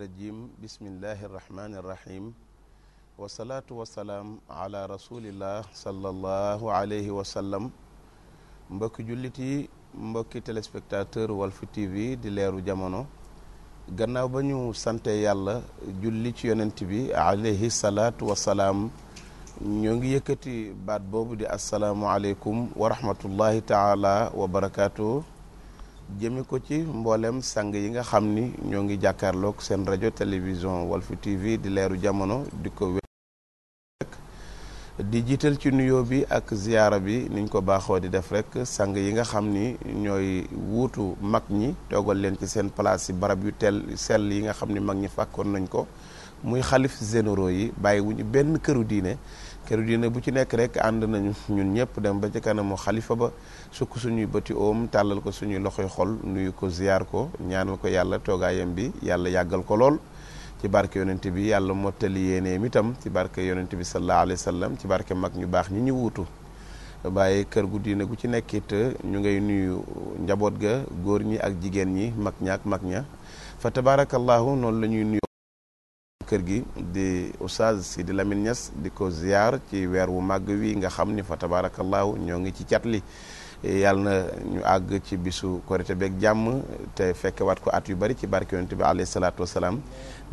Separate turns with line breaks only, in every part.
rajim bismillahi irrahmani irrahim wasalaatu wasalaam ala rasulillah sallallahu alayhi wa sallam mbokki jullit yi mbokki téléspectateur Walf TV di leeru jamono gannaaw ba ñu sante yàlla julli ci yonent bi alayhi salaatu wasalaam ñoo ngi yëkkati baat boobu di asalaamualeykum wa rahmatullahi taala wa jëmi ko ci mboolem sang yi nga xam ni ñoo ngi jàkkaarloog seen rajo télévision Walfu TV di leeru jamono di ko wékk di jiital ci nuyoo bi ak ziyaara bi niñ ko baaxoo di def rek sang yi nga xam ni ñooy wuutu mag ñi toogal leen ci seen place yi barab yu teel sell yi nga xam ni mag ñi fàkkoon nañ ko muy xalif généraux yi bàyyi wuñu benn këru diine këru diine bu ci nekk rek ànd nañu ñun ñëpp dem ba ci kanamu xalifa ba sukk suñuy bëti oom tàllal ko suñuy loxoy xol nuyu ko ziyaar ko ñaanal ko yàlla toogaayam bi yàlla yàggal ko lool ci barke yonent bi yàlla mottali yéeneem itam ci barke yonent bi sallallahu alayhi wa sallam ci barke mag ñu baax ñi ñu wuutu waaye kër gu diine gu ci nekkit ñu ngay nuyu njaboot ga góor ñi ak jigéen ñi mag ñaak mag ña fa tabaarakallahu noonu la nuyu kër gi di Oustaz Sidi Lamine Niass di ko ziar ci weer wu màgg wii nga xam ni fa tabaarakallaahu ñoo ngi ci cat li yàlla na ñu àgg ci bisu korite beeg jàmm te fekkewaat ko at yu bari ci barke yonent bi alayhi salaatu wasalaam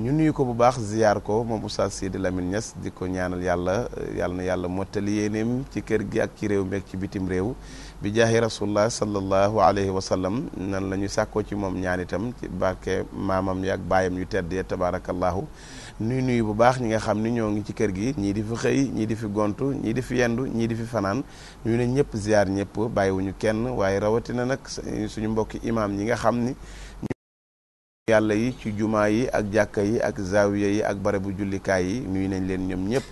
ñu nuyu ko bu baax ziar ko moom Oustaz Sidi Lamine Niass di ko ñaanal yàlla yàlla na yàlla mottali yéeneem ci kër gi ak ci réew meeg ci bitim réew bi jaahi rasulullah sallallahu alayhi wa sallam nan la ñu sàkkoo ci moom ñaan itam ci barke maamam yaak baayam yu tedd ya tabaarakallahu nuy nuyu bu baax ñi nga xam ni ñoo ngi ci kër gi ñii di fi xëy ñii di fi gontu ñii di fi yendu ñii di fi fanaan ñu ne ñëpp ziar ñëpp bàyyiwuñu kenn waaye rawatina nag suñu mbokki imaam ñi nga xam ni yàlla yi ci jumaa yi ak jàkka yi ak zawiya yi ak barabu jullikaay yi nuyu nañ leen ñoom ñëpp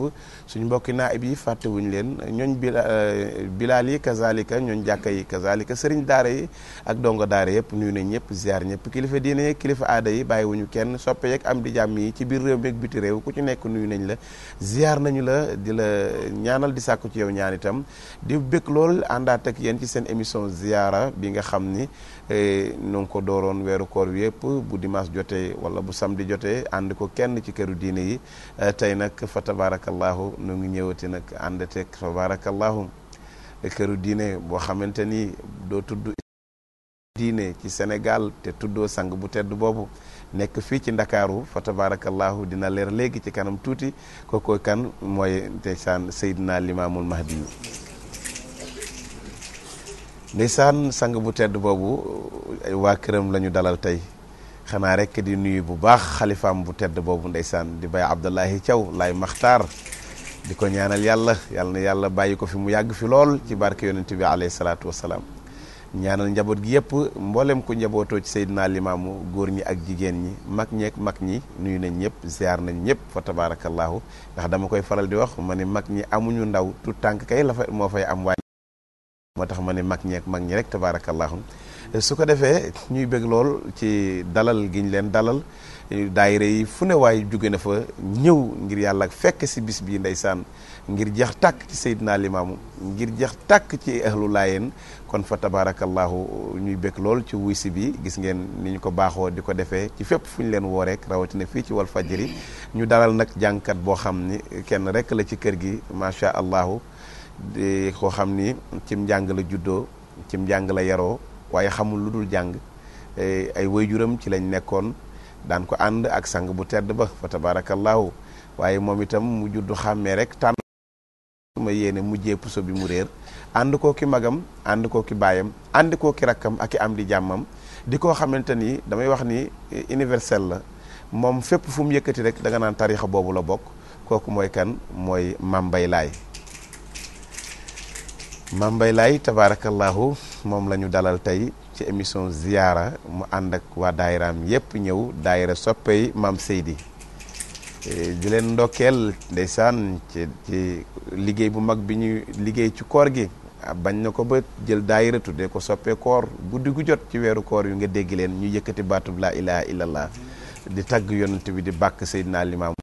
suñu mbokki naayib yi fàttewuñ leen ñooñ bila euh, bilaal yi kazalika ñooñ jàkka yi kazalika sëriñ daara yi ak dongo daara yëpp nuyu nañ ñëpp ziar ñëpp kilifa diine yi kilifa aada yi bàyyiwuñu kenn soppe yeeg am di jàmm yi ci biir réew mi ak biti réew ku ci nekk nuyu nañ la ziar nañu la di la ñaanal di sàkku ci yow ñaan itam di bëgg lool àndaat ak yéen ci seen émission ziara bi nga xam ni Eh, nu ngi dooroon weeru koor yëpp bu dimanche jotee wala bu samedi jotee ànd ko kenn ci këru diine yi eh, tey nag fa tabarakallahu nu ngi ñëwati nag ànd teeg tabarakallahu eh, këru diine boo xamante ni doo tudd diine ci senegal te tuddoo sang bu tedd boobu nekk fii ci ndakaaru fa tabarakallahu dina leer léegi ci kanam tuuti kooku kan mooy ndeysaan Seydina Limaamul Mahdi ndeysaan sang bu tedd boobu waa këram la ñu dalal tey xanaa rekk di nuyu bu baax xalifaam bu tedd boobu ndeysaan di bay Abdoulahi caw laay maxtaar di ko ñaanal yàlla yàlla na yàlla bàyyi ko fi mu yàgg fi lool ci barke yonent bi alayhi salaatu wasalaam ñaanal njaboot gi yëpp mboolem ku njabootoo ci Seydina Limaamu góor ñi ak jigéen ñi mag ñeek mag ñi nuyu nañ ñëpp ziar nañ ñëpp fa tabaarakallaahu ndax dama koy faral di wax ma ni mag ñi ñu ndaw tout tànk la moo fay am waaye moo tax ma ne mag ñeeg mag ñi rek tabaarakallaahu su ko defee ñuy bëgg lool ci dalal gi ñu leen dalal daayira yi fu ne waaye jóge na fa ñëw ngir yàlla ak fekk si bis bii ndeysaan ngir jeex tàkk ci Seydina Limaamu ngir jeex tàkk ci ahlu laayeen kon fa tabaarakallaahu ñuy bëgg lool ci wuy bi gis ngeen ni ñu ko baaxoo di ko defee ci fépp fu ñu leen woo rek rawatina fii ci wal fajiri ñu dalal nag jànkat boo xam ni kenn rek la ci kër gi macha allahu di koo xam ni cim njàng la juddoo cim njàng la yaroo waaye xamul lu dul jàng e, ay wayjuram ci lañ nekkoon daan ko ànd ak sang bu tedd ba fa tabaarakallaahu waaye moom itam mu juddu xàmmee rek tànn ma yéene mujjee puso bi mu réer ànd koo ki magam ànd koo ki baayam ànd koo ki rakkam ak i am di jàmmam di koo xamante ni damay wax ni universel la moom fépp fu mu yëkkati rek da nga naan tariixa boobu la bokk kooku mooy kan mooy Mame Mbaye Laye Mame Mbaye Laye moom la ñu dalal tey ci émission ziyaara mu ànd ak waa daayiraam yépp ñëw daayira soppey Mame Seydi e, di leen ndokkeel ndeysaan ci ci liggéey bu mag bi ñuy liggéey ci koor gi ah, bañ na ko ba jël daayira tuddee ko soppee koor guddi gu jot ci weeru koor yu nga dégg leen ñu yëkkati baatub laa ilaha illallah di tagg yonent bi di bàkk Seydina Limaam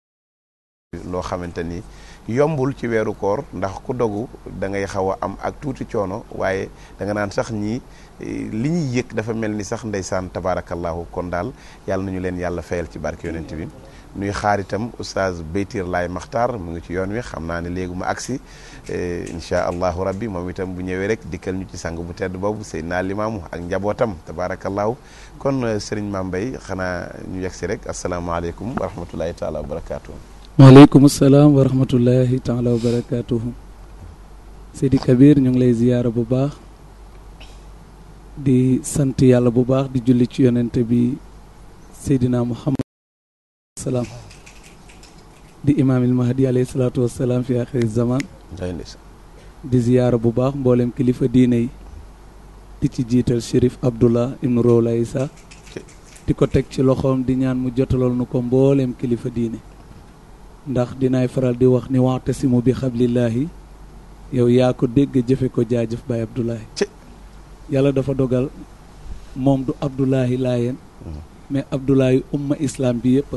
loo xamante ni yombul ci weeru koor ndax ku dogu da ngay xaw a am ak tuuti coono waaye da nga naan sax ñii eh, li ñuy yëg dafa mel ni sax ndeysaan tabaarakallaahu kon daal yàlla nañu leen yàlla fayal ci barke yonent bi nuy xaar itam oustaz Beytir Laay Maxtaar mu ngi ci yoon wi xam naa ne léegi mu agsi eh, incha allahu rabbi moom itam bu ñëwee rek dikkal ñu ci sang bu tedd boobu Seydina Limaamu ak njabootam tabaarakallaahu kon eh, sëriñ Mambay xanaa ñu yegg si rek asalaamaaleykum wa rahmatullahi taala wa barakaatu.
maaleykum salaam wa rahmatullahi taala wa barakaatuhu Seydi Kabir ñu lay ziyaara bu baax di sant yàlla bu baax di julli ci yonente bi Seydina Muhammad salaam di imaamil mahdi alayhi salaatu wasalaam fi axiri zaman di ziyaara bu baax mboolem kilifa diine yi di ci jiital Chérif Abdullah ibnu Rowla Isa di ko teg ci loxoom di ñaan mu jotaloon nu ko mbooleem kilifa diine ndax dinaay faral di wax ni wa'tasimu bi xablillahi yow yaa ko dégg jëfe ko jaajëf Baye Abdoulaye yàlla dafa dogal moom du Abdoulaye Laayeen mm. mais Abdoulaye umma islam bi yëpp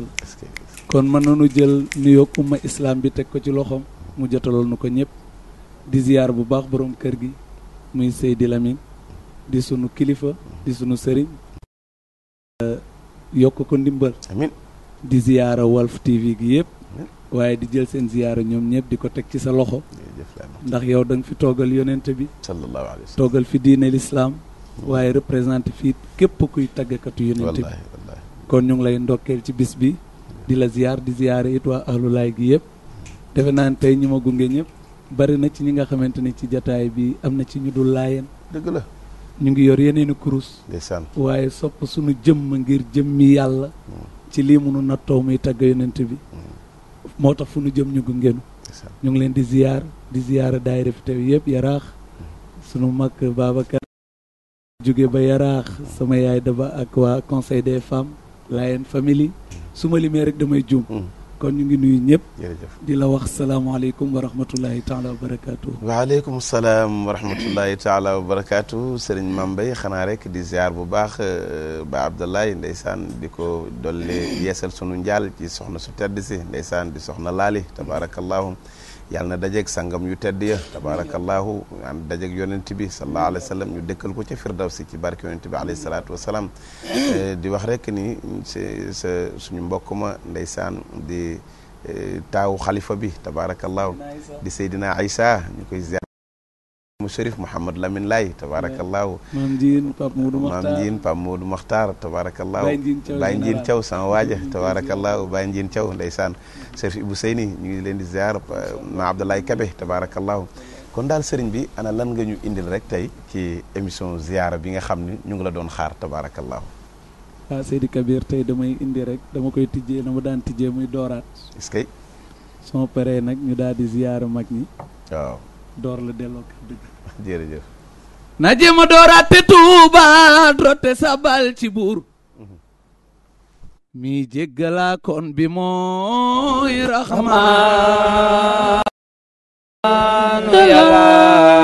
kon mën nañu jël nuyoog umma islaam bi teg ko ci loxoom mu jotaloon nu ko ñëpp di ziyaar bu baax boroom kër gi muy Seydi Lamine di sunu kilifa di sunu sëriñ yokk ko ndimbal amiin di ziyaara Walf TV gi yëpp waaye di jël seen ziyaara ñoom ñëpp di ko teg ci sa loxo ndax yow da nga fi toogal yonent bi sallallahu toogal fi diine lislaam waaye représenté fii képp kuy taggakatu yonente bi kon ñu ngi lay ndokkeel ci bis bi di la ziyaar di ziyaara it waa ahlulaay gi yëpp defe naan tey ñi ma gunge ñëpp bari na ci ñi nga xamante ni ci jataay bi am na ci ñu dul laayeen dëgg la ñu ngi yor yeneeni kurus ndeysaan waaye sopp suñu jëmm ngir jëmmi yàlla mm. ci lii munu nattoo muy tagg yonente bi mm. moo tax fu nu jëm ñu gungeenu ñu ngi leen di ziyaar di ziyaara daayira fi teew yëpp yaraax sunu mag Babacar jóge ba yaraax sama yaay daba ak waa conseil des femmes Layène famille su ma limee rek damay juum mm. kon ñu ngi nuyu ñëpp. jërëjëf di la wax salaamaaleykum wa rahmatulahi taala wa barakaatu.
waaleykum salaam wa rahmatulahi taala wa barakaatu Serigne Mame Mbaye xanaa rek di ziar bu baax euh, ba Abdoulaye ndeysaan di ko dolli yeesal sunu njaal ci soxna su tedd si ndeysaan di soxna Laali tabaarakallahu yàlla na dajeeg sangam yu tedd ya tabaarakallaahu an dajeeg yonent bi sallallahu alayhi wa sallam ñu dëkkal ko ca firdawsi ci barke yonent bi alayhi salaatu wa salaam eh, di wax rek ni sa suñu mbokk ma ndeysaan di eh, taawu xalifa bi tabaarakallaahu di Seydina Isa ñu koy ziar mu Chérif Mouhamad Lamine Laye tabaarakallaahu maam Ndiin Pape Modou Makhtar maam Ndiin Pape Modou Makhtar tabaarakallaahu Baye Ndiin Thiaw sama waaja tabaarakallaahu Baye Ndiin Thiaw ndeysaan Chérif Ibou Seyni ñu ngi leen di ziar ma Abdoulaye Kabe tabaarakallaahu kon daal sëriñ bi ana lan nga ñu indil rek tey ci émission ziara bi nga xam ni ñu ngi la doon xaar tabaarakallaahu
waaw ah, Seydi Kabir tey damay indi rek dama koy tijjee na ma daan tijjee muy dooraat est-ce que ñu daal di ziyaara mag ñi waaw door la delloo kàddu gi
jërëjëf na jéem a dooraat te tuuba drotte sa buur mi jéggalaa kon bi mooy
raxmaanu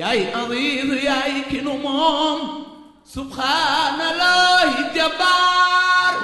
yaay aziiz yaay kinu moom subhaanallaahi
jabbaar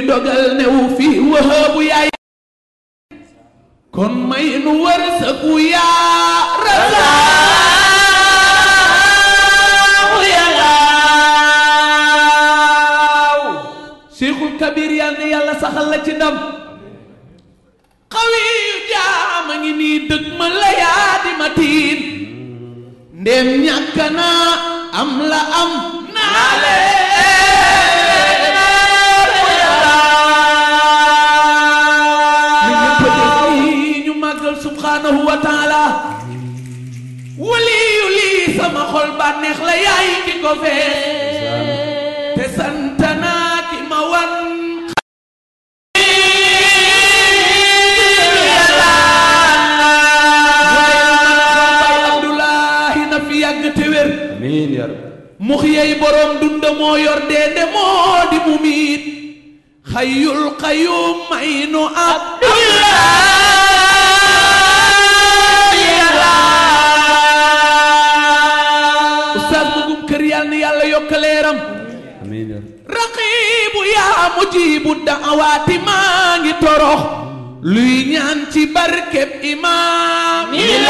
fi dogal new fi wahaabu yaay kon may nu wërsëgu yaa rasaa Cheikhul Kabir yal na yàlla saxal la ci ndam xawi jaama ngi nii dëgg ma la yaa di matiin ndéem ñàkk am la am bànneex la yaay ki ko fees te sant naa ki ma wan Abdoulahi na fi yàgg te wér mux yey boroom dund moo yor dee de moo di mu miit xayul xayum may nu ab mujibu daawaati maa ngi torox luy ñaan ci barkeb imaam ilaay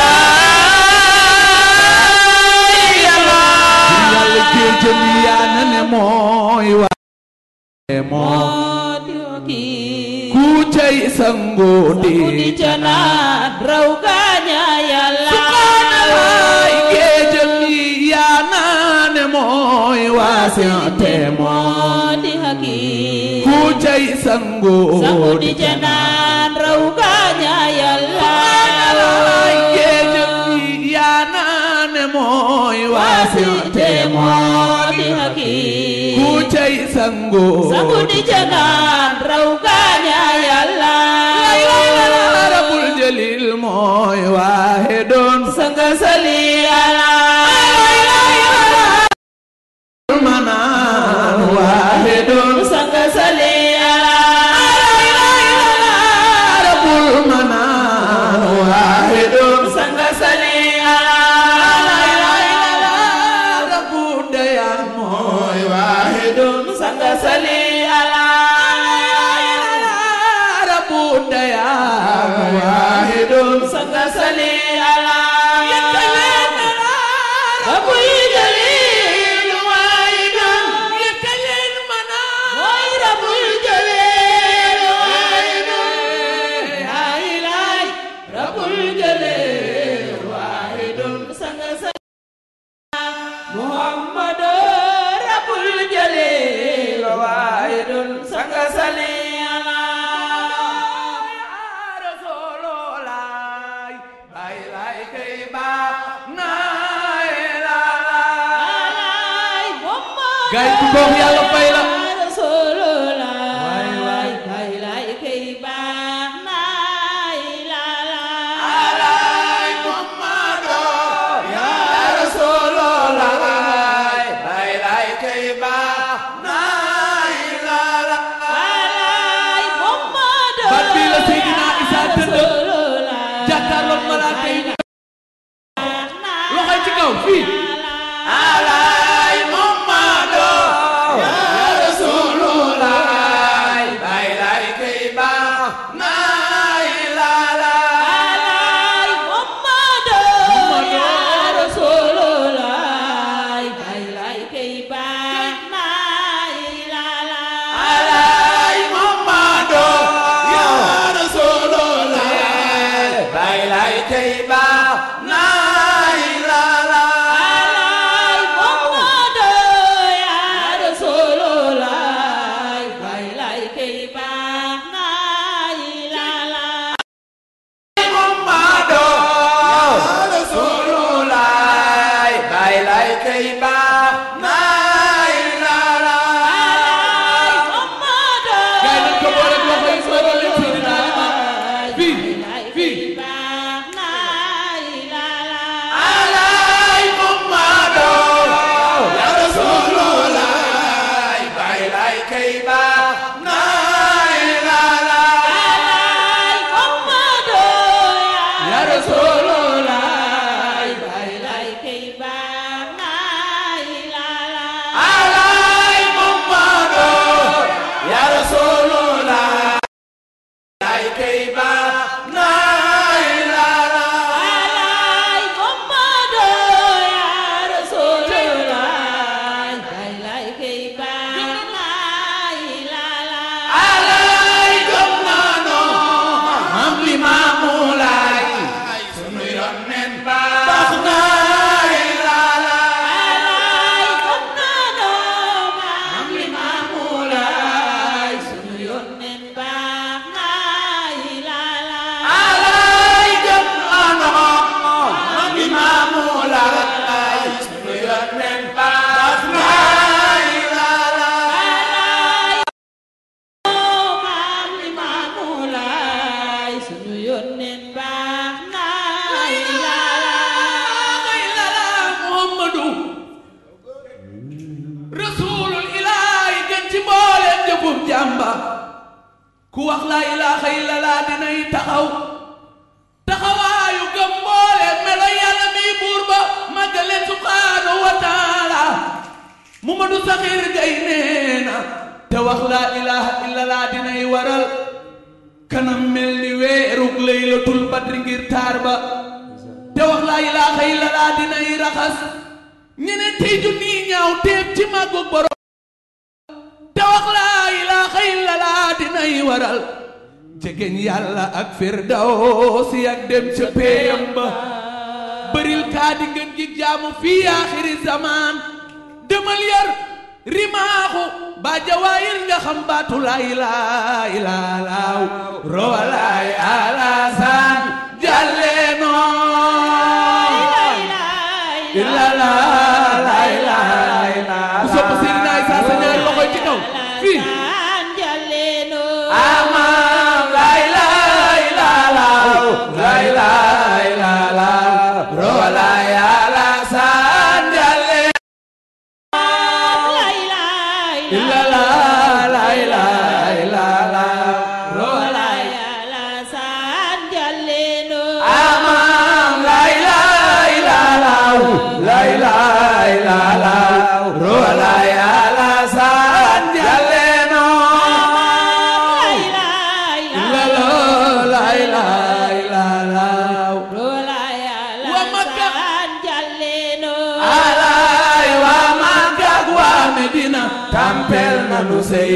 yàlla yàlla géejëm yaa na ne mooy waaye
moom ku
sa sango sango di ca naan
raw gaaña
yi yaa naane mooy
waasi te moo di hakiim ku cay sango sango di
way la laa dinay taxaw géñ yàlla ak firdawsi ak dem ca péyam ba bëril di ngën jaamu fii aaxiri zamaan demal yar rimaaxu ba jawaayil nga xam baatu laay laay laalaaw rawalaay alasaan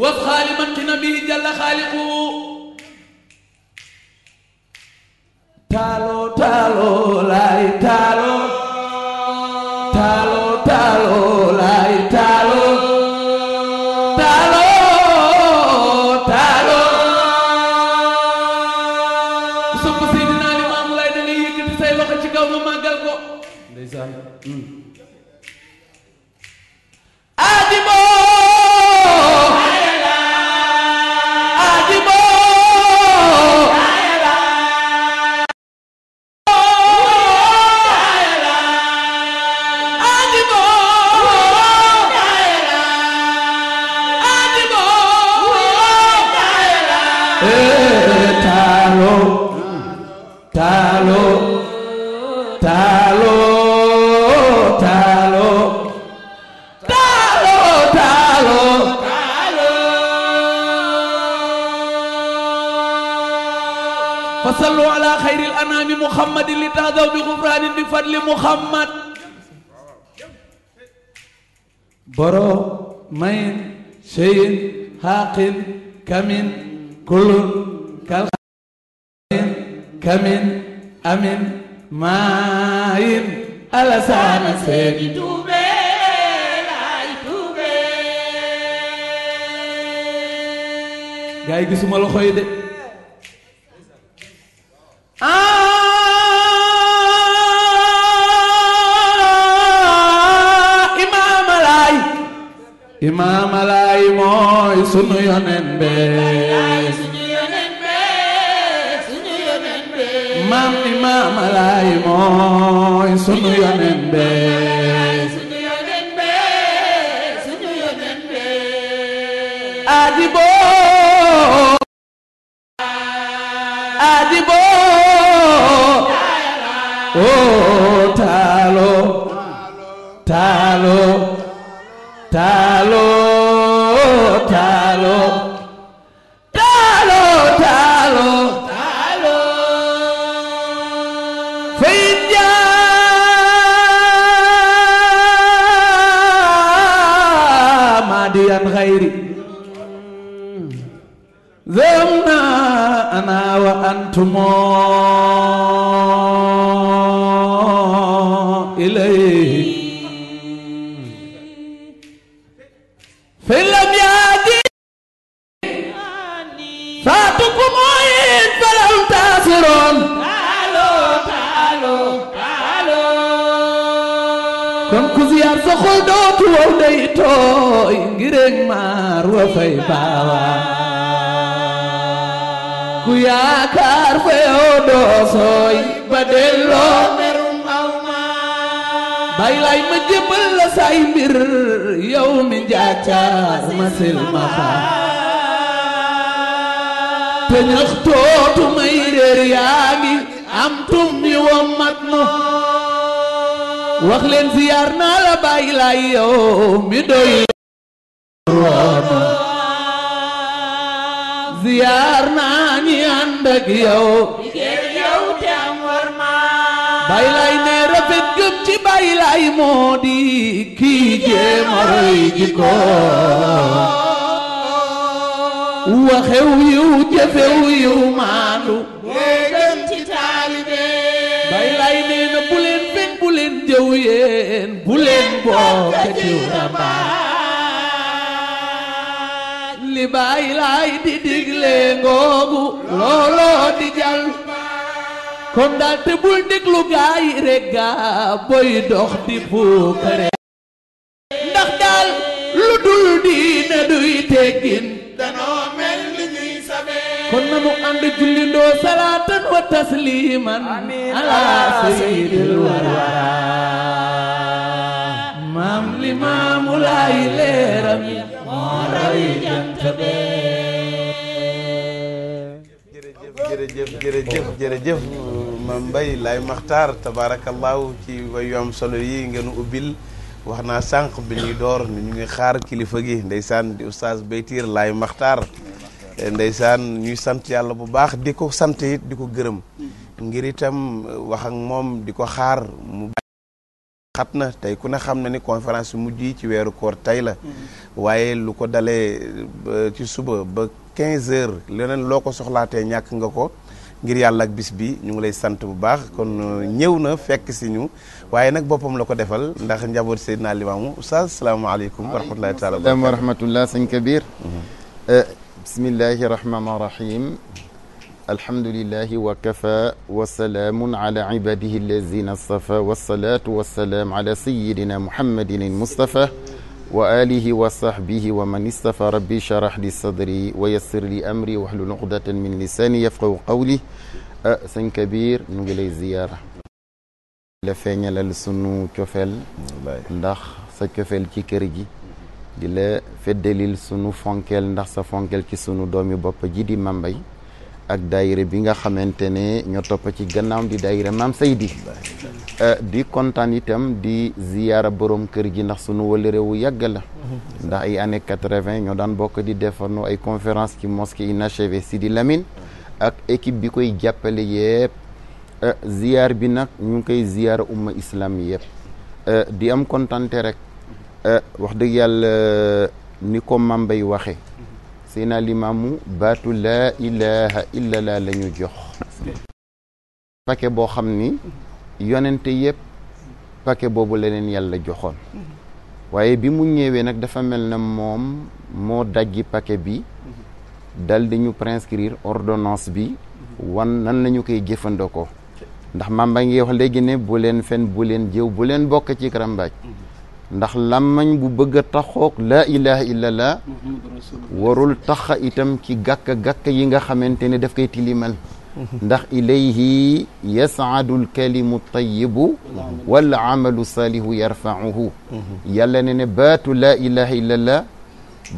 waf xaali man ki na bii jàlla xaaliqu taalo taalo
حق كمن كل كالخ
كمن أمن ماين ألسان سيدي توبي لاي توبي
جاي gisuma loxo yi de
imaam alaay mooy sunu yonen be
maam imaam
alaay mooy sunu yonen be
adibo adibo oh taalo taalo taalo
الخير ذمنا أنا وأنتم
إليه فلم يأتي فاتكم إن فلم
تأسرون تعالوا تعالوا تعالوا كم كزيار سخل
دوت ووديتوي maar wa fay baawa ku yaakaar feyoo doosooy ba delloo
merum aw
maar bay lay ma jébbal la say mbir yow mi njaacaar ma silma xaar te ñax tootu may réer yaa ngi am tum mi wommat nu wax leen ziyaar naa la bàyyi laay yow mi doy tuwaama ziyaar naa ñi yow liggéey
yow te am war
maa bay lay ne rafet gëm ci bay lay moo di kii jéema roy jikkoom waxew yiw jëfew yiw maandu boo
ci taalibe bay lay
nee na bu leen fen bu leen jëw yeen bu leen bokk li baay laay di digle ngoogu looloo di jal kon daal te bul déglu gaay rek boy dox di puukare ndax daal lu dul diine duy teggin
danoo mel ni ñuy
kon nanu ànd jullindoo salaatan wa tasliman ala sayyidil wara maam
li maamu laay leeram rawi
jant
bee jërëjëf jërëjëf jërëjëf Mame Mbaye Laay ci wayu am solo yi ngeen ubbil wax naa sànq bi ñuy door ñu ngi xaar kilifa gi ndeysaan di baytir Beytiir Laay Maxtaar ndeysaan ñuy sant yàlla bu baax di ko sant it di ko gërëm ngir itam wax moom di ko xaar mu xat na tey ku ne xam na ni su mujj yi ci weeru koor tey la mm-hmm. waaye lu ko dalee ci suba ba 15 heures leneen loo ko soxlaatee ñàkk nga ko ngir yàlla ak bis bi ñu ngi lay sant bu baax kon mm-hmm. uh, ñëw na fekk si ñu waaye nag boppam la ko defal
ndax njaboot Seydina Limaamu sa salaamaaleykum wa rahmatullahi taala wa rahmatullah sëñ Kabir mm-hmm. uh, bismillahi rahmaani rahim alhamdulilahi wa kafa wa salaamun ala ibadihi allazina stafa wasalaatu wasalaam ala sayidina muhammadin almustafa wa alihi wa sahbihi wa man istafa rabbi sharah li sadri wa yassir li amri wahlul uqdatan min lisani yafqahu qawli ah, sëñ Kabir ñu ngi lay ziyaara la feeñalal sunu cofeel ndax sa cofeel ci kër gi di la feddalil sunu fonkeel ndax sa fonkeel ci sunu doomi bopp ji di mambay ak daayira bi nga xamante ne ñoo topp ci gannaawam di daayira maam Seydi euh, di kontaan itam di ziyaara borom kër gi ndax sunu wala réewu yàgg la ndax ay année quatre-vingt ñoo daan bokk di defarnu ay conférence ki ci mosquée si di Lamine ak équipe bi koy jàppale yëpp euh, ziyaar bi nag ñu ngi koy ziyaara umma islam yëpp euh, di am kontante rek wax dëgg yàlla ni ko mambay waxe sëy naa limaamu baatu la ilaha illa laa la ñu jox paquet boo xam ni yonente yëpp paquet boobu la leen yàlla joxoon waaye bi mu ñëwee nag dafa mel na moom moo dajji paquet bi dal dañu ñu prescrire ordonnance bi wan nan lañu ñu koy jëfandikoo ndax maam ba ngi wax léegi ne bu leen fen bu leen jëw bu leen bokk ci karambaaj ndax làmmañ bu bëgg a taxoog laa ilaha illallah warul taxa itam ci gàkka-gàkka yi nga xamante ne daf koy tilimal ndax ilayhi yasaadu alkalimu tayibu wal amalu saalihu yarfauhu yàlla ne ne baatu laa ilaha illallah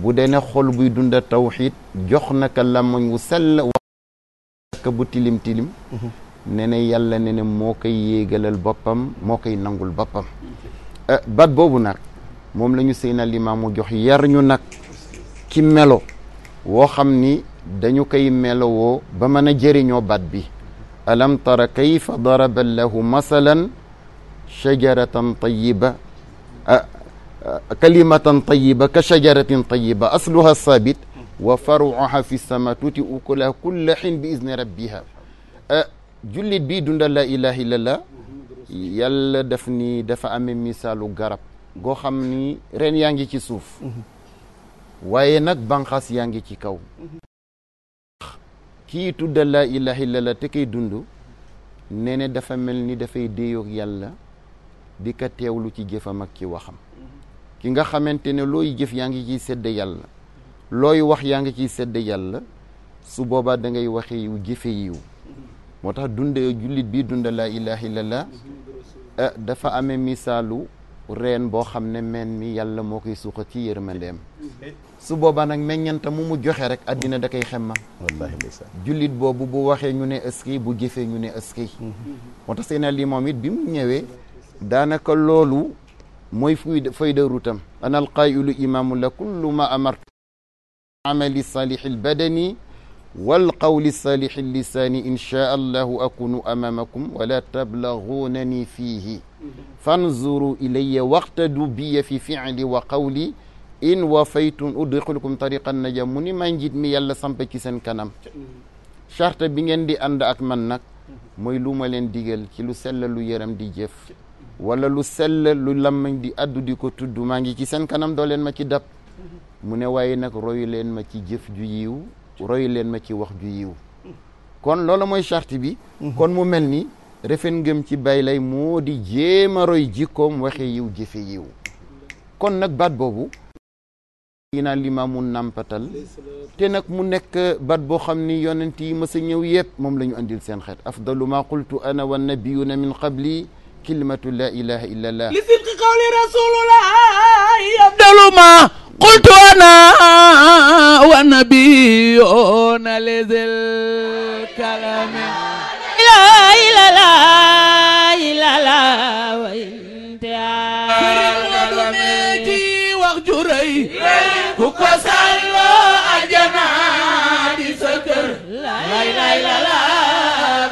bu dene xol buy dunda tawxid jox naka làmmañ wu sell gàkka bu tilim tilim mhm. ne ne yàlla ne ne moo koy boppam moo koy nangul boppam Eh, bat boobu nag moom lañu ñu Seydina Limaamu jox yar ñu nag ci melo woo xam ni dañu koy melowoo ba mën jëriñoo bat bi alam tara kayfa daraba lahu masalan shajaratan tayiba eh, eh, kalimatan tayiba ka shajaratin tayiba asluha sabit wa faruha fi sama tuuti ukulaha kulla xin bi izni rabbiha jullit bi dundal la ilaha illallah yàlla def nii dafa amee misaalu garab goo xam ni ren yaa ngi ci suuf waaye nag banqaas yaa ngi ci kaw kii tudda laa ilaha illallah te kay dund nee ne dafa mel ni dafay déeyoog yàlla di ka teewlu ci jëfam ak ci waxam ki nga xamante ne looy jëf yaa ngi ciy sedd yàlla looy wax yaa ngi ciy sedd yàlla su boobaa dangay ngay waxe yiw jëfe yiw moo tax dundee jullit bi dunda la ilaha illallah eh, dafa amee misaalu reen boo xam ne meen mi yàlla moo koy suuxa ci yërmandeem su boobaa nag meññanta mu mu joxe rek addina da koy xemma jullit boobu bu waxee ñu ne ëski bu jëfee ñu ne ëski mm-hmm. moo tax seen lii moom bi mu ñëwee daanaka loolu mooy fuy fayda ruutam ana alqaayilu imaamu la kullu ma amartu wal والقول الصالح اللسان إن شاء الله أكون أمامكم ولا تبلغونني فيه فانظروا إلي واقتدوا بي في فعلي وقولي in wafaytum udxilkum tariqan najaa mu ni maa njiit mi yàlla sampe ci seen kanam charte bi ngeen di ànd ak man nag mooy lu ma leen digal ci lu sell lu yaram di jëf wala lu sell lu lammañ di addu di ko tudd maa ngi ci seen kanam doo leen ma ci dab mu ne waaye nag royu leen ma ci jëf ju yiw roy leen ma ci wax ju yiw kon loola mooy charte bi kon mu mel ni refen ngëm ci bay lay moo di jéem a roy jikkoom waxe yiw jëfe yiw kon nag baat boobu yi naan limaamu nàmpatal te nag mu nekk baat boo xam ni yonent yi mës a ñëw yëpp moom lañu ñu andil seen xeet afdalu ma qultu ana wa nabiyuna min qabli kalimatu la ilaha illa allah li sidqi
qawli rasulullah afdalu ma
قلت أنا
والنبيون
لذي الكلام لا إلا لا إلا لا وإنت ودمتي وجري وكسر أجنا دي سكر لا إلا لا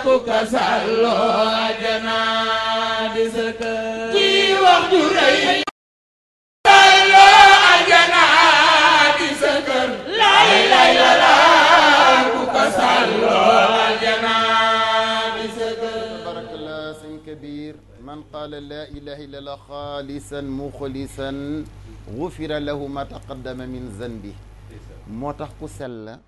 كسر أجنا
man qaala laa ilaha illa allah xaalisan muxlisan gufira lahu ma taqaddama min zanbi moo tax ku sell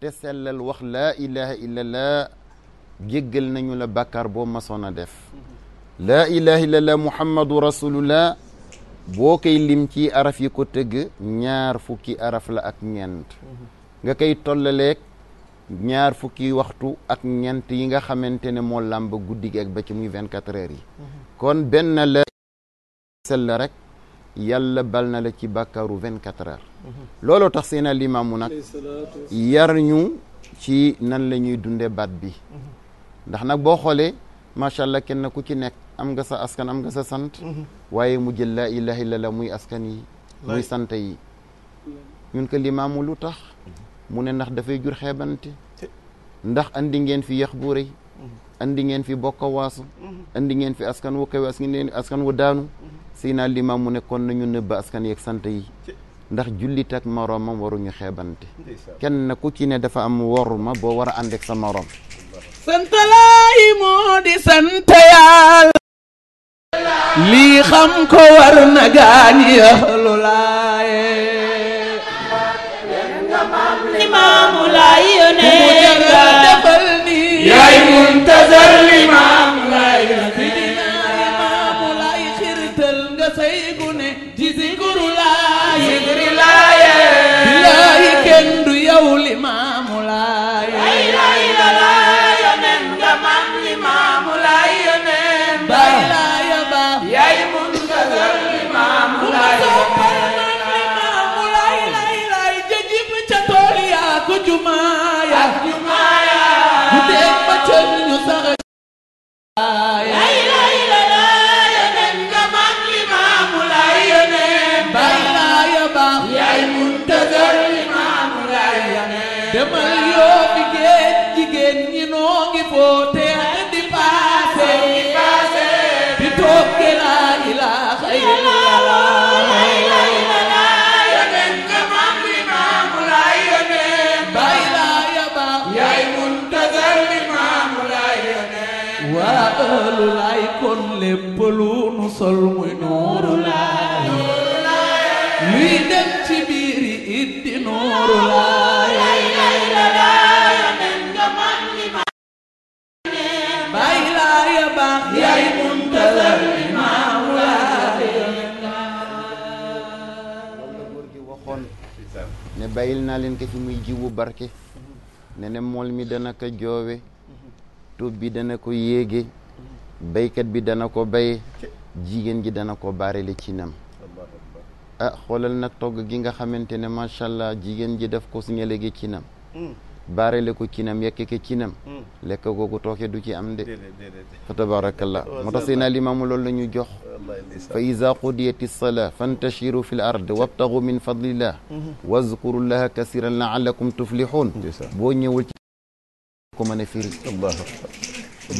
te sellal wax laa ilaha illa allah nañu la bàkkaar boo masoon a def laa ilaha illa allah muhammadu rasulullah boo koy lim ci araf yi ko tëgg ñaar fukki araf la ak ñeent nga koy tollaleeg ñaar fukki waxtu ak ñent yi nga xamante ne moo làmb guddi gi ak ba ci muy vingt quatre yi mhm. kon benn la sell rek yàlla bal na la ci bàkkaaru vingt quatre heures mhm. looloo tax seen limaamu nag yar ñu ci nan la ñuy dunde baat bi mhm. ndax nag boo xoolee macha allah kenn ku ci nekk am nga sa askan am nga sa sant waaye mu jël laa ilaha illa la muy askan yi muy sant yi ñun ko limaamu lu tax mu ne ndax dafay jur xeebante eh. ndax andi ngeen fi yax bu rëy mm-hmm. andi ngeen fi bokk waasu mm-hmm. andi fi askan wu kawe askan wu daanu mm-hmm. Seydina Limaam mu ne kon nañu nëbb askan yeeg sant yi eh. ndax jullit ak moroomam waruñu xeebante kenn ku ci ne dafa am wor ma boo war a ànd sa moroom
sant laay
moo di sant yàlla xam ko war na gaañ yaxlu
bàyyil naa leen ko fi muy jiwu barke ne mool mi dana ko joowe tuub bi dana ko yéege baykat bi dana ko béye jigéen ji dana ko barile ci nam ah xoolal nag togg gi nga xamante ne macha allah jigéen ji def ko si ñelege ci nam hmm. baarale ko cinam yekke ke cinam hmm. lekk googu tooke du ci am de fa tabarakallah moo tax seen alimaamu loolu la ñu jox fa ida qudiyati lsalaa fantashiru fi l ard wabtagu min fadlillah hmm. wazkuru llaha kasiran laalakum tuflihun boo ñëwul ci ko mën a firi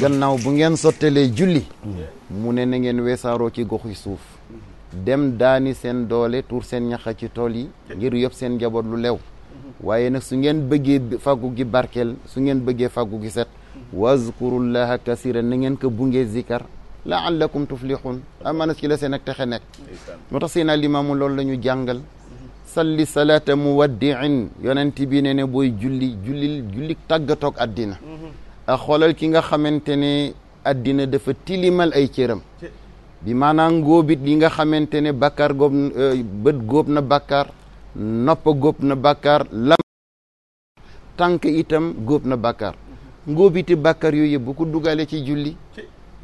gannaaw bu ngeen sottelee julli hmm. mu ne na ngeen weesaaroo ci goxi suuf dem daani seen doole tuur seen ñaxa ci tool yi ngir yóbbu seen njaboot lu lew waaye nag su ngeen bëggee faggu gi barkeel su ngeen bëggee faggu gi set wazkurullaha kasiran na ngeen ko bungee zikar laallakum tuflihun amaana ci la seen ak texe nekk moo tax seen alimaamu loolu la ñu jàngal salli salaata muwaddiin yonent bi ne ne booy julli julli julli tàggatoog addina mhm. a ah, xoolal ki nga xamante ne addina dafa tilimal ay cëram bi maanaam ngóobit yi nga xamante ne bàkkaar eh, bët góob na bàkkaar noppa góob na bakkar lam tànk itam góob na bakkar ngóobiti bàkkaar bakkar bu ko dugale ci julli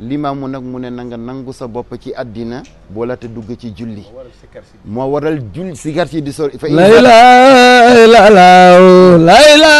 mu nag mu ne nanga nangu sa bopp ci addina boola te dugg ci julli moo waral julli sikar si di sori fa laylalaw layla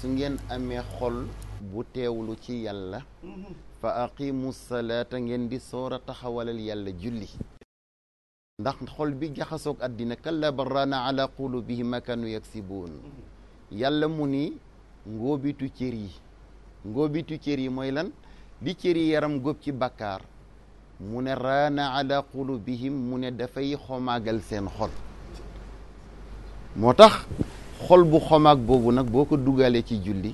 su ngeen amee xol bu teewlu ci yàlla fa aqimu salaata ngeen di soor a taxawalal yàlla julli ndax xol bi jaxasoog àddina kalla barraana ala qulubihim ma kanu yaksibuun yàlla mu ni ngóobitu cër yi ngóobitu cër yi mooy lan di cër yi yaram góob ci bàkkaar mu ne raana ala qulubihim mu ne dafay xomaagal seen xol moo tax xol bu xomaag boobu nag boo ko dugalee ci julli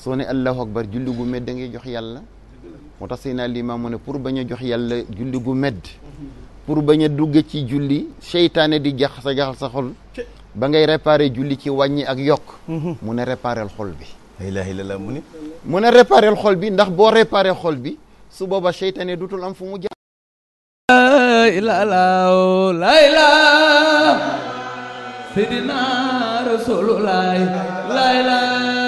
soo ne allahu akbar julli gu medd da ngay jox yàlla moo tax sëy naa limaam mu ne pour bañ a jox yàlla julli gu medd pour bañ dugg ci julli seytaane di jax sa jaxal sa xol ba ngay réparé julli ci wàññi ak yokk mhm. mu ne réparel xol bi la ilaha illallah mu ne mu ne réparel xol bi ndax boo réparé xol bi su booba seytaane dutul am fu mu jaar
Seydina Rasulullah
la ilaha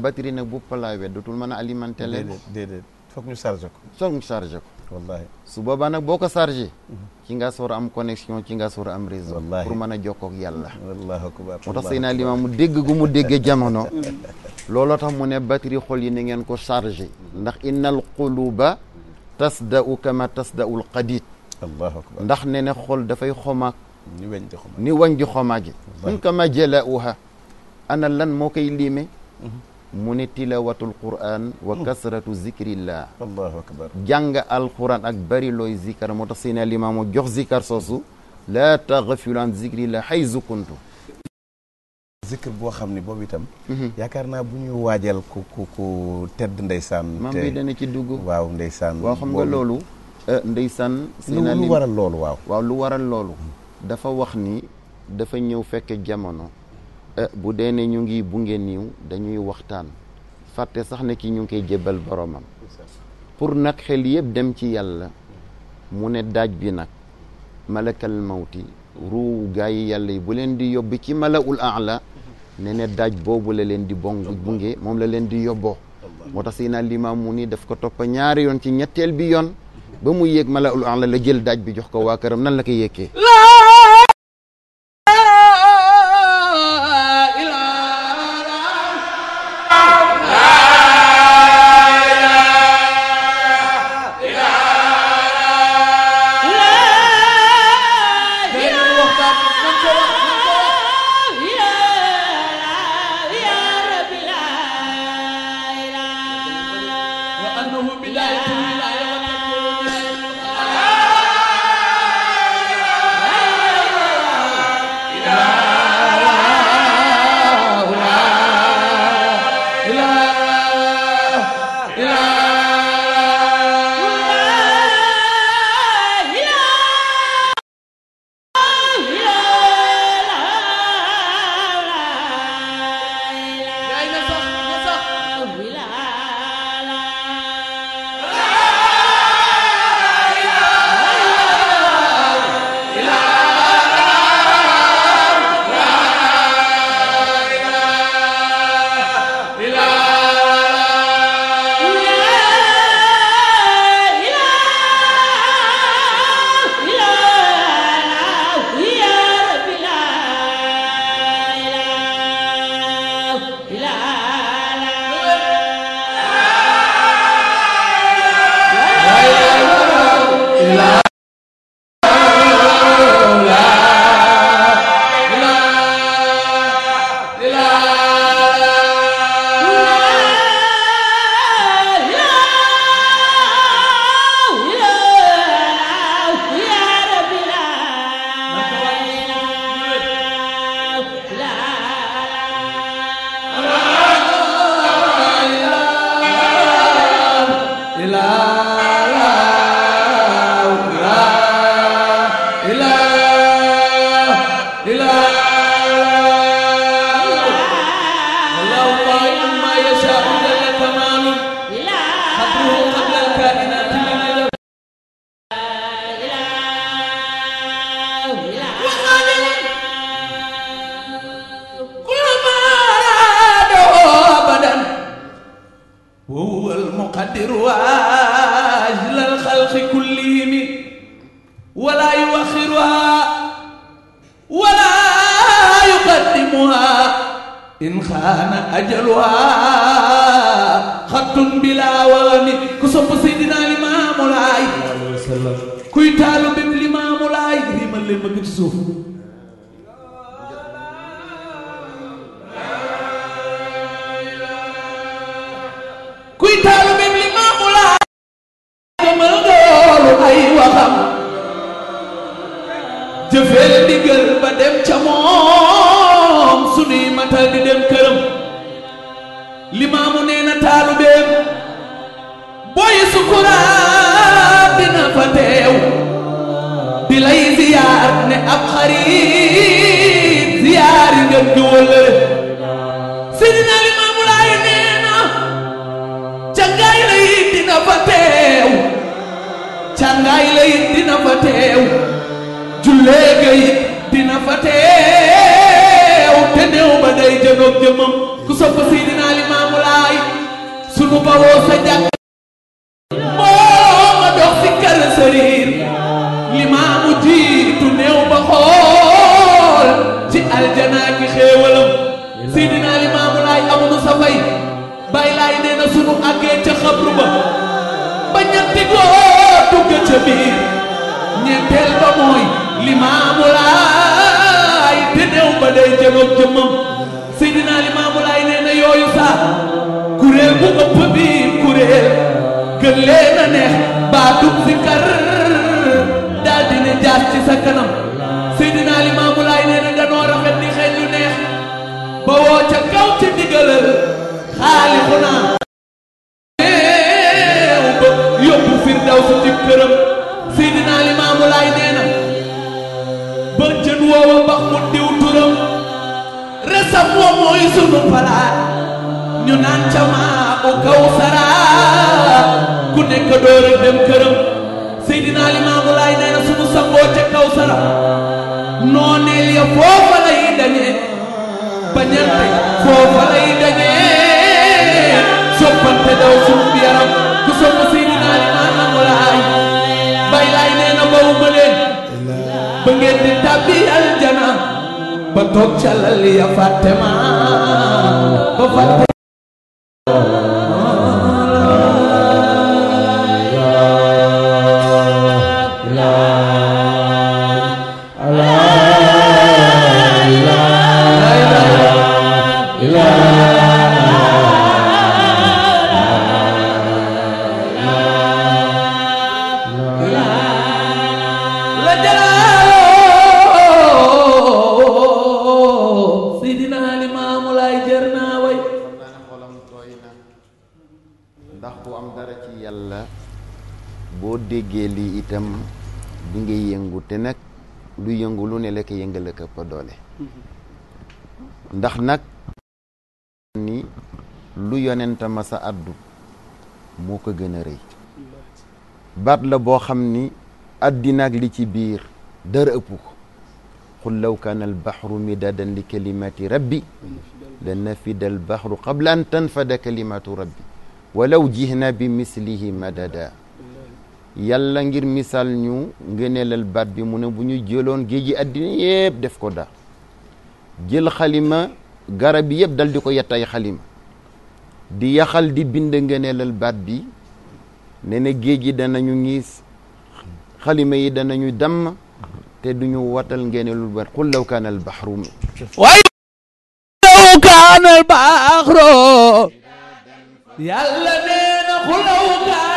batterie nag bu palaa wet dootul mën a alimenter leen déedéet foog ñu chargé ko foog ñu boobaa nag boo ko chargé mhm. ci nga soor am connexion ci nga soor am réseau pour mën a jokkook yàlla allahu akbar moo tax Seydina Limaamu mu dégg gu mu déggee jamono looloo tax mu ne batterie xol yi ni ngeen ko chargé ndax innal quluba tasda'u kama tasda'u al qadid allahu akbar ndax ne ne xol dafay xomaag ni wañ di xomaag ni wañ di xomaag yi mun kama jala'uha ana lan moo koy mu ne tilawatul quran wa kasratu zikrillah allahu akbar jàng alquran ak bari looy zikar moo tax seen limaamu jox zikar soosu laa taxafilu an zikrillah haysu kuntu
zikr boo xam ne boobu itam mhm. yaakaar naa bu ñuy waajal ku ku tedd ndeysaan maam ci dugg waaw ndeysaan
waaw xam nga loolu eh, ndeysaan seen lu waral loolu waaw lu waral loolu mhm. dafa wax ni dafa ñëw fekk jamono Eh, bu dee ne ñu ngi bunge niiw dañuy waxtaan fàtte sax ne ki ñu ngi koy jébbal boromam pour nag xel yëpp dem ci yàlla mu ne daaj bi nag malakal mawti ruu gaa yi yàlla yi bu leen di yóbbu ci malaul la ne ne daaj boobu la leen di bong bunge moom la leen di yóbboo moo tax si Seydina Limaamu ni daf ko topp ñaari yoon ci ñetteel bi yoon ba mu yéeg malaul aala la jël daaj bi jox ko waa këram nan la ko yékkee
jullee kay dina fa teew te néew ba day jënoog jëmam ku sopp Seydina Limaamu Laay sunu bawoo jàkk moo ma dox si kër sëriir limaamu jiitu néew ba xool ci aljanaa ki xéewalam Seydina Limaamu Laay amunu sa fay bàyyi nee na sunu àggee ca xabru ba ba ñetti góor dugg ca biir ñeenteel ba mooy limaamu laay te néew ba day jëm ak jëmmam Seydina limaamu laay na yooyu saa kuréel bu ëpp bi kuréel gën leen a neex si kar daal di ne sa kanam Seydina limaamu laay nee na danoo rafet ni xeeñ lu neex ba woo ca kaw ci xaali xunaa mooy sunu palaat ñu naan ca maamu Kawsara ku nekk door a dem këram Seydina Limaamu Laay nee na sunu sangoo ca Kawsara nooneel ya foofa lay dañee bañante foofa lay dañee soppante daw sunu yaram ku sopp Seydina Limaamu Laay bay laay nee na bawu ma leen ba ngeen di tàbbi aljana ba toog ca lal ya fàtte ma ba
fàtte la
doole ndax nag ni lu yonent ma sa moo ko gën a rëy la boo xam ni addinaak li ci biir dara ëpp ko qul law kaana albaxru midadan li kalimati rabbi la nafida albaxru qabla an tanfada kalimatu rabbi walaw jihna bi mislihi madada yàlla ngir misaal ñu ngëneelal baat bi mu ne bu ñu jëloon géej gi àddina yëpp def ko daa jël xalima garab yëpp dal di ko yett ay xalima di yaxal di bind ngëneelal baat bi ne na géej gi danañu ngis xalima yi danañu damm te duñu watal ngëneelul baat qul law kaana albaxru way
law kaana law
kaana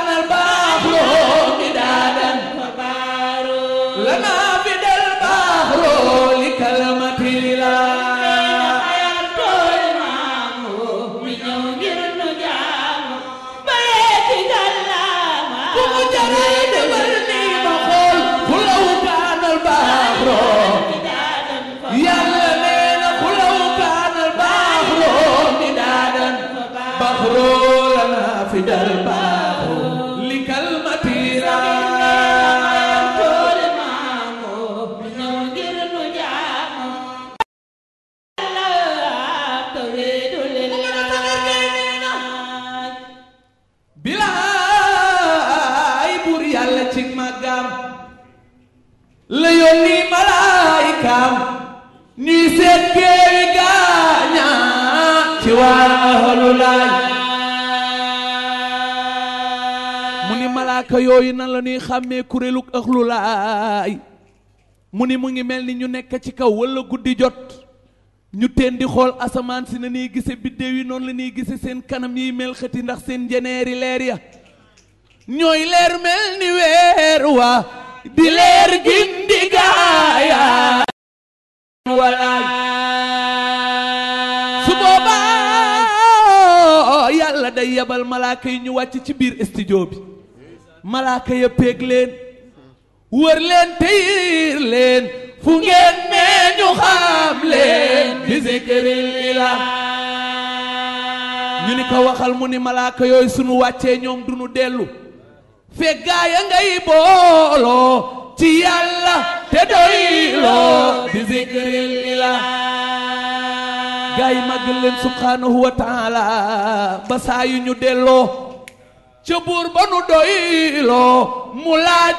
yooyu nan la ñuy xàmmee kuréelu ëxlu laay mu ni mu ngi mel ni ñu nekk ci kaw wala guddi jot ñu teen di xool asamaan si na ñuy gise biddéew yi noonu la ñuy gise seen kanam yiy mel xëti ndax seen jeneeri leer ya ñooy leer mel ni weer wa di leer gindi su boobaa yàlla day yabal malaaka yi ñu wàcc ci biir studio bi malaaka ya péeg leen wër leen teyir leen fu ngeen mee ñu leen bi zikril ilah ñu ni ko mu ni malaaka yooyu sunu wàccee ñoom du nu dellu fekk gaa ya ngay booloo ci yàlla te doyloo bi zikril ilah gaa yi leen subhaanahu wa taala ba saa yu ñu delloo ca buur ba nu doyloo mu laaj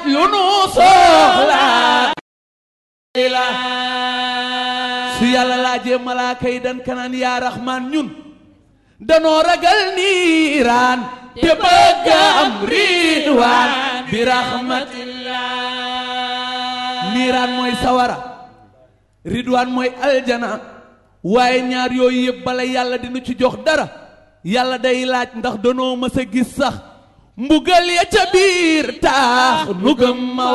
yàlla laajee malaaka yi dan kanaan yaa raxmaan ñun danoo ragal niiraan te bëgg am riiwaan bi raxmatillah niiraan mooy sawara ridwaan mooy aljana waaye ñaar yooyu yëpp bala yàlla dina ci jox dara yàlla day laaj ndax danoo mës a gis sax mbugal ya ca biir taax nu gëm ma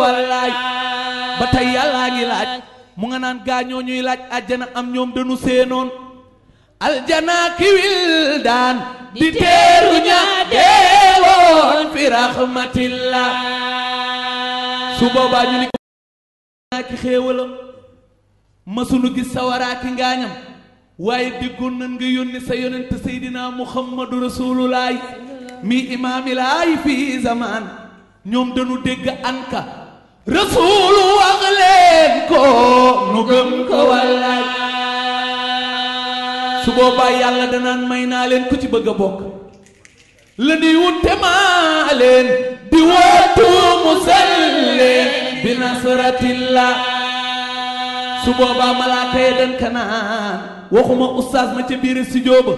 ba tey yàllaa ngi laaj mu nga naan gaañoo ñuy laaj àjjana am ñoom dañu seenoon aljanaa kiwil daan di teeru ña deewoon fi rahmatillah su boobaa ñu ni ki xéewalam masunu gis sawaraa ki ngaañam waaye déggoon nan nga yónni sa yonent seydinaa muhammadu rasulullaay mi imaami laay fii ñoom dañu dégg anka rasuulu wax leen ko nu gëm ko wallaay su boobaa yàlla danaan may naa leen ku ci bëgg a bokk la nuy maa leen di wootu musalle bi nasratillah su boobaa malaaka ya dan kanaan waxuma ustaas ma ca biir studio ba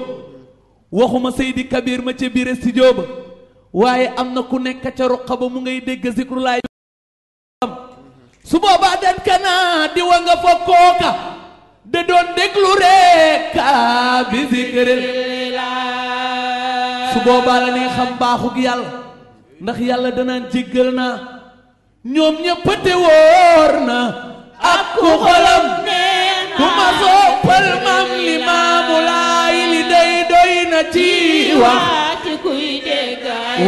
waxuma Seydi Kabir ma ca biir studio ba waaye am na ku nekk ca ruqa ba mu ngay dégg zikrulaay su boobaa dan kana di wa nga fa kooka da doon déglu rek ka bi zikril su boobaa la ne xam baaxug yàlla ndax yàlla danaan jéggal naa ñoom ñëppate wóor na ak ku xolam ku ma soppal maam li maamu laa ci wax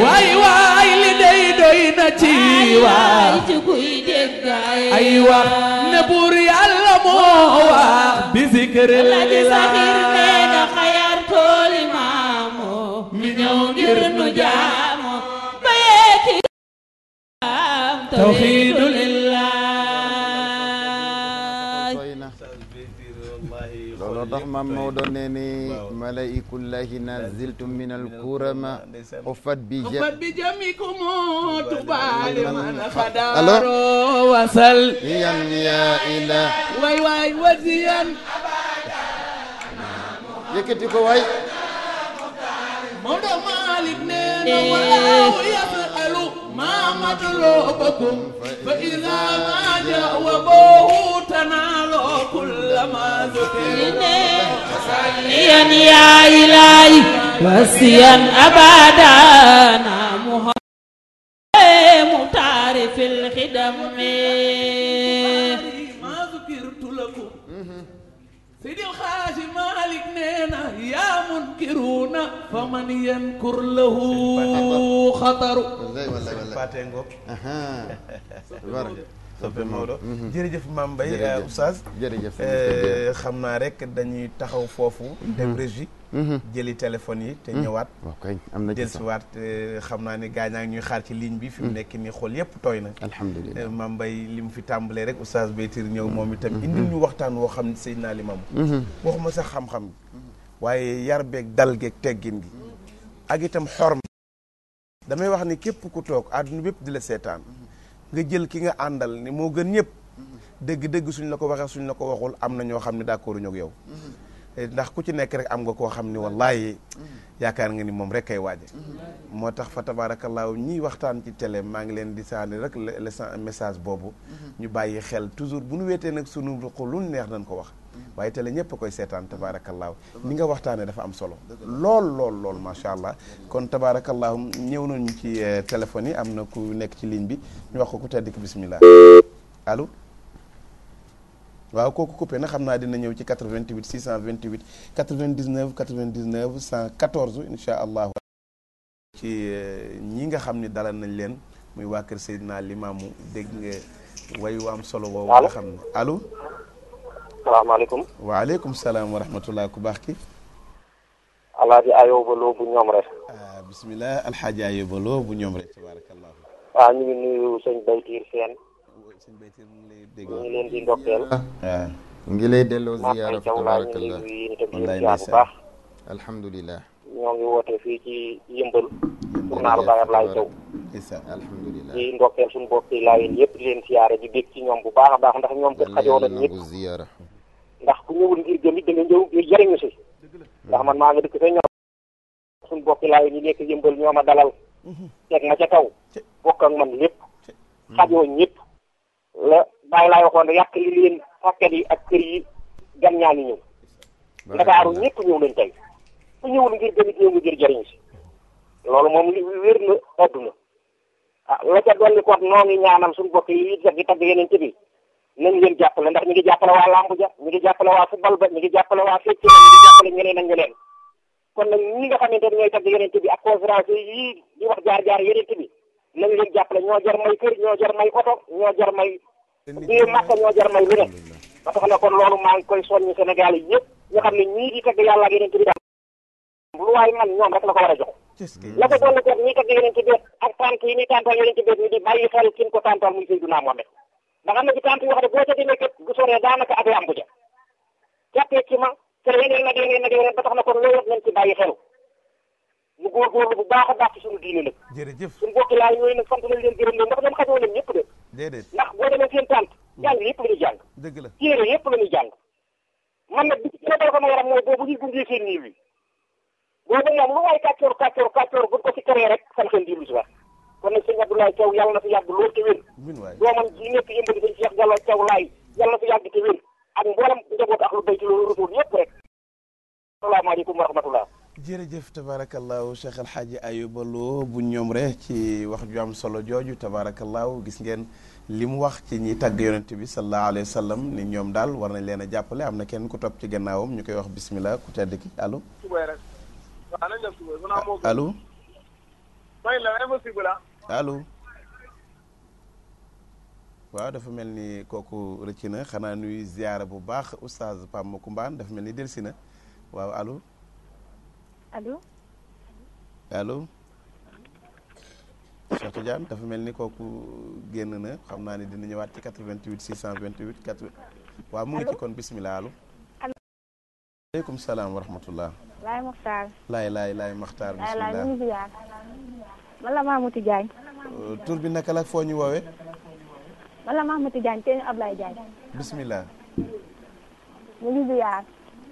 waay waay li dey
doy na ci wax
ay wax ne buur yàlla moo wax
bi zikr la
mi ñëw ngir nu jaamu tawxiid
tax maam Maodo nee ni malaikullahi naziltum min alkurama xufat bi xufat
bi jamikum tubaali man
xadaaro wasal yan ya ila
waay waay wasiyan
yëkkati ko waay Maodo Malick nee na walaaw
yasalu maa matlubakum fa ida ma jawaboohu tanaa
صليا يا إلهي وسيا أبدا محمد متعرف الخدم ما ذكرت
لكم سيدي الخاج مالك نينا يا منكرون فمن ينكر له خطر والله والله
والله Mhm. Mhm. jërëjëf màmbay Mbaye jërëjëf euh, euh, xam naa rek dañuy taxaw foofu mhm. dem régie jëli téléphone yi te ñëwaat am na dellusiwaat euh, xam naa ne gaañaa ngi ñuy xaar ci ligne bi fi mu nekk ni xool yëpp tooy na alhamdulilah Mame Mbaye li mu fi tàmbalee rek Oustaz Baytir ñëw moom itam indi ñu waxtaan woo xam ne sëñ naa li mam waxuma sax xam-xam waaye yar beeg dal geeg teggin gi ak itam xorma damay wax ni képp ku toog àdduna bépp di la seetaan nga jël ki nga àndal ni moo gën ñëpp dëgg-dëgg suñ la ko waxee suñ la ko waxul am na ñoo xam ne d'accord ñoo ak yow
mm-hmm.
ndax ku ci nekk rek am nga koo xam ni wallaahi mm-hmm. yaakaar nga ni moom rek kay waaje mm-hmm. moo tax fa tabaarakallaahu ñiy waxtaan ci tele maa ngi leen di saani rek le message boobu ñu bàyyi xel toujours bu ñu wetee nag suñu ruq lu neex nañ ko wax waaye télé ñëpp a koy seetaan tabaarakallaahu ni nga waxtaanee dafa am solo lool lool lool macha allah kon tabaarakallaahu ñëw nañu ci eh, téléphone yi am na ku nekk ci ligne bi ñu wax ko ku tedd ki bismillah allo waaw kooku coupé na xam naa dina ñëw ci 88 628 99 99 114 incha allah ci eh, ñi nga xam ni dalal nañ leen muy waa kër Seydina Limaamu dégg nga way am solo woowu nga xam ne allo
salaamaaleykum.
waaleykum salaam wa rahmatulah ku baax ki.
alaaji Ayoba bu ñoom rek.
Ah, bisimilah alxaaji Ayoba bu ñoom rek. tabaarakallah.
Ah, waaw ñu ngi nuyu sëñ Baytiir Seen. sëñ Baytiir mu ngi lay dégg. Ah. ñu ngi leen di ndokkeel.
waaw ñu ngi lay delloo ziyaara. tabaarakallah wallaay ndeysaan alhamdulilah.
ñoo ngi woote fii ci yëmbal. journal Baye Ablaye Sow.
alhamdulilah
di ndokkeel suñu bopp yi laa yéen yëpp leen siyaare di bég ci ñoom bu baax a baax ndax ñoom. xajoon nañ ndax ku ñëwul ngir jëm it ñëw ngir jëriñu si ndax man maa nga dëkk sa ñor suñ bokki laay ñu nekk yëmbal ñoo a dalal mhm. teg na ca kaw bokk ak man lépp mhm. xajoo ñëpp la bàyyi laay waxoon ne yàq li leen fakkat yi ak kër yi gan ñaa ni ñëw
ndakaaru ñëpp
ñëw nañ tey ku ñëwul ngir jëm ñëw ngir jëriñu si loolu moom li wér na àdduna ah la ca dolli ko noonu ñaanal suñu bokk yi it sax di tagg yeneen ci bi nañ leen jàppale ndax ñu ngi jàppale waa làmb ja ñu ngi jàppale waa football ba ñu ngi jàppale waa fecc ba ñu ngi jàppale ñeneen ak ñeneen kon nag ñi nga xamante ne ñooy tagg yonent bi ak conférence yi di wax jaar-jaar yonent bi nañ leen jàppale ñoo jar kër ñoo jar oto ñoo jar may bii ñoo jar may lu ne ba tax na kon loolu maa ngi koy soññu Sénégal yi yëpp ñu xam ne ñii di tagg yàlla ak yonent bi daal lu waay man ñoom rek la ko war a jox la ko doon ko ñii tagg ndax am na ci kànt yoo xam ne boo ca demee kat bu soree daanaka ak lambu ja jàppee ci ma te yeneen nag yeneen nag yeneen ba tax na kon loolu bu baax a baax ci suñu diine nag jërëjëf suñu ndax ñoom xajoo leen ñëpp de ndax boo demee seen tànt jàng yëpp la ñuy jàng dëgg la téere yëpp la ñuy jàng man nag bi ci gën a dal sama yaram mooy boobu ñuy seen niiw yi boobu moom lu waay kàccoor kàccoor kàccoor bu ko ci këree rek san xel di si wax kon nag sëñ Abdoulaye Thiaw yàlla na yàgg te wér doomam ji nekk yëmbali sëñ Cheikh yàgg te wér ak mboolem njaboot ak lu béy ci loolu retour yëpp rek salaamaaleykum wa rahmatullah
jërëjëf tabaarakallaahu Cheikh El Hadj Ayouba Lo bu ñoom rek ci wax ju am solo jooju tabaarakallaahu gis ngeen li mu wax ci ñi tàgg yonent bi sallallahu alayhi wa sallam ni ñoom daal war nañ leen a jàppale am na kenn ku topp ci gannaawam ñu koy wax bismillah ku tedd ki alo allo. allo waaw dafa mel ni kooku rëcc na xanaa nuy ziyaara bu baax oustaz Pam Makumbaan dafa mel ni delsi na waaw allo allo allo Cheikh dafa mel ni kooku génn na xam naa ni dina ñëwaat ci 88 628 4 waaw mu ngi ci kon bismillah allo aleykum salaam
man la Mamadou Diagne.
Euh, tur bi naka la foo ñu woowee.
man la Mamadou Diagne teenu Ablaye Diagne. bismillah. ñu ngi ziar.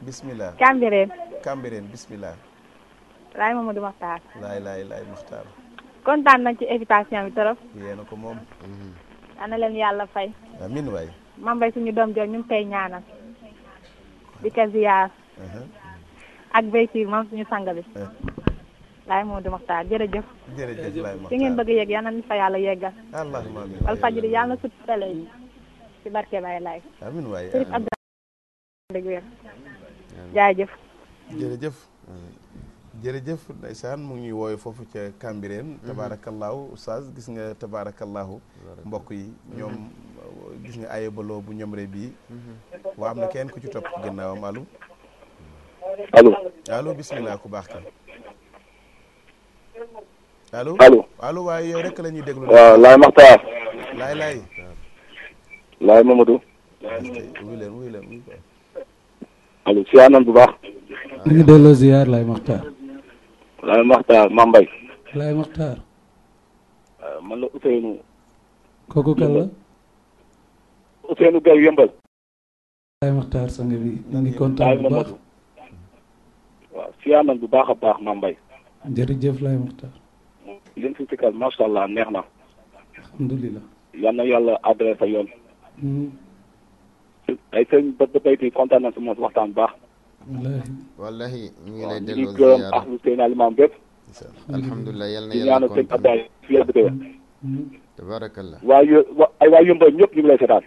bismillah. Cambérène. Cambérène bismillah.
laay Mamadou Makhtar.
laay laay laay Makhtar.
kontaan nañ ci invitation bi trop. yéen a ko moom. ana leen yàlla fay. amiin waay. mam bay suñu doom jooju ñu ngi koy ñaanal. di ko ziar. ak béy si moom suñu sang bi. Eh. Laye Modou Makhtar jërëjëf.
jërëjëf Laye Makhtar a yegg jërëjëf. jërëjëf mu ngi ñuy woowe foofu ca Cambérène mhm. tabaarakallaahu oustaz gis nga tabaarakallaahu mbokk yi ñoom mhm. gis nga aye baloo bu ñomre bii mhm. waa am na kenn ku ci topp ginnaawam allo allo bismillah ku baax ka allo allo allo waaye yow rek la ñuy déglu. waaw Laye Makhtar. Laye Laye. Laye Mamadou. wuy leen wuy leen. allo bu baax.
Ah, ñu ngi delloo ziar Laye Makhtar.
Laye Mambay.
Laye Makhtar.
Ah, man la Ousseynou.
kooku kan la.
yëmbal.
Laye Makhtar sang bi ñu bu baax.
si anam bu baax a baax Mambay.
jërëjëf Laye Makhtar.
li nga fi sikkal macha allah neex na.
alhamdulilah.
yal na yàlla adressé yoon. Hmm. ay sen bët béy bi kontaan na si moom waxtaan baax.
wallaahi. wallaahi ñu ngi lay delloo ziar waaw ñu ngi gërëm ahlu
seen alimaam bépp.
alhamdulilah yal na yàlla kontaan na di ñaanal sëñ tabarakallah
waa yo ay waa yëmbal ñëpp ñu ngi lay seetaan.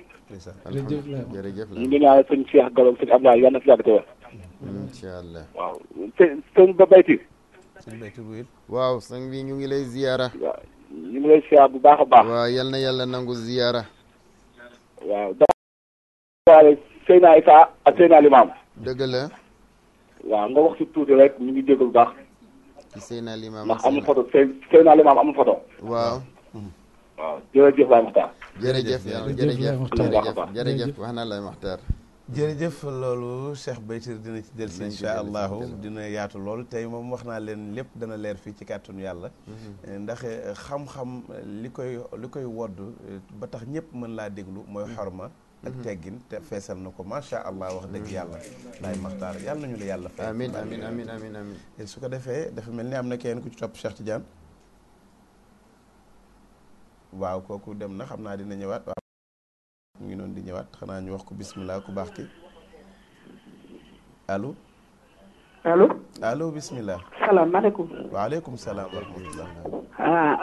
jërëjëf la ñu ngi
ñaanal sëñ Cheikh Gallo sëñ Abdoulaye yal na fi yàgg te wér.
incha waaw sëñ sëñ ba sëñ Béthio Gueye waaw sëñ bi ñu ngi lay ziyaara ñu ngi lay ziyaar bu baax a baax waaw yal na yàlla nangu ziyaara waaw dawaale Seyna Issa waaw nga wax ci tuuti rek ñu ngi déglu bu baax ci Seyna ndax amul photo Seyna amul photo waaw waaw jërëjëf Baye Makhtar jërëjëf jërëjëf jërëjëf wax na lay Makhtar
jërëjëf loolu Cheikh Baytir dina ci delsi incha allahu dina yaatu lool tey moom wax naa leen lépp dana leer fii ci kàttanu yàlla mm-hmm. ndax eh, xam-xam eh, li koy li koy wodd eh, ba tax ñëpp mën laa déglu mooy mm-hmm. ma ak mm-hmm. teggin te feesal na ko macha allah wax dëgg yàlla laay maxtaar yàlla nañu la yàlla fay amiin amiin amiin su ko defee dafa mel ni am na kenn ku ci topp Cheikh Tidiane waaw kooku dem na xam naa dina ñëwaat mu ngi noonu di ñëwaat xanaa ñu wax ko bisimilah ku baax ki allo. allo. allo bisimilah. salaamaaleykum. waaleykum salaam wa rahmatulah. ah.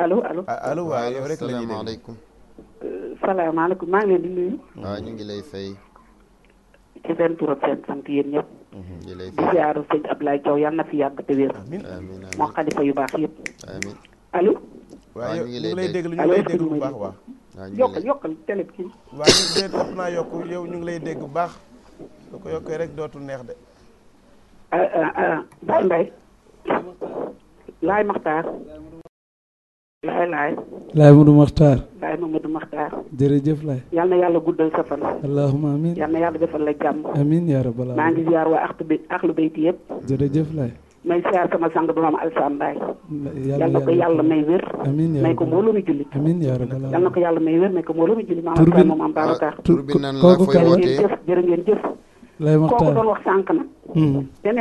allo allo. allo
euh, maa ngi
ñu ngi lay fay. ci seen tur ak seen sant yéen ñëpp. Mhm, di
ziaru sëñ Ablaye Thiaw yàlla na fi yàgg te wér. amiin amiin moo xalifa yu baax yëpp.
amiin allo. waaw ñu ngi lay dégg ñu ngi lay dégg bu baax waaw. yokkal yokkal ñu
ngi lay yow ñu ngi lay dégg bu baax. su ko yokkee rek dootul neex de. Ah, ah, ah, Baye Mbaye. Laay Maxtaar.
Laay Laay.
Laay Mamadou Maxtaar.
Laay Mamadou Maxtaar. yal na yàlla guddal sa fan. allahumma amiin. yal na yàlla defal la jàmm.
amiin yaa rabbal maa ngi
ziar waa axlu bi axlu bayti
yëpp.
may siyaar sama sang ba maam Alsaan
yal na ko yàlla
may wér may ko
mbooloo mi jullit amiin yaa rabbal yal na
ko yàlla may wér may ko mbooloo mi jullit
maam Alsaan moom am Babacar kooku jëf jërë ngeen jëf kooku doon wax sànq nag hmm.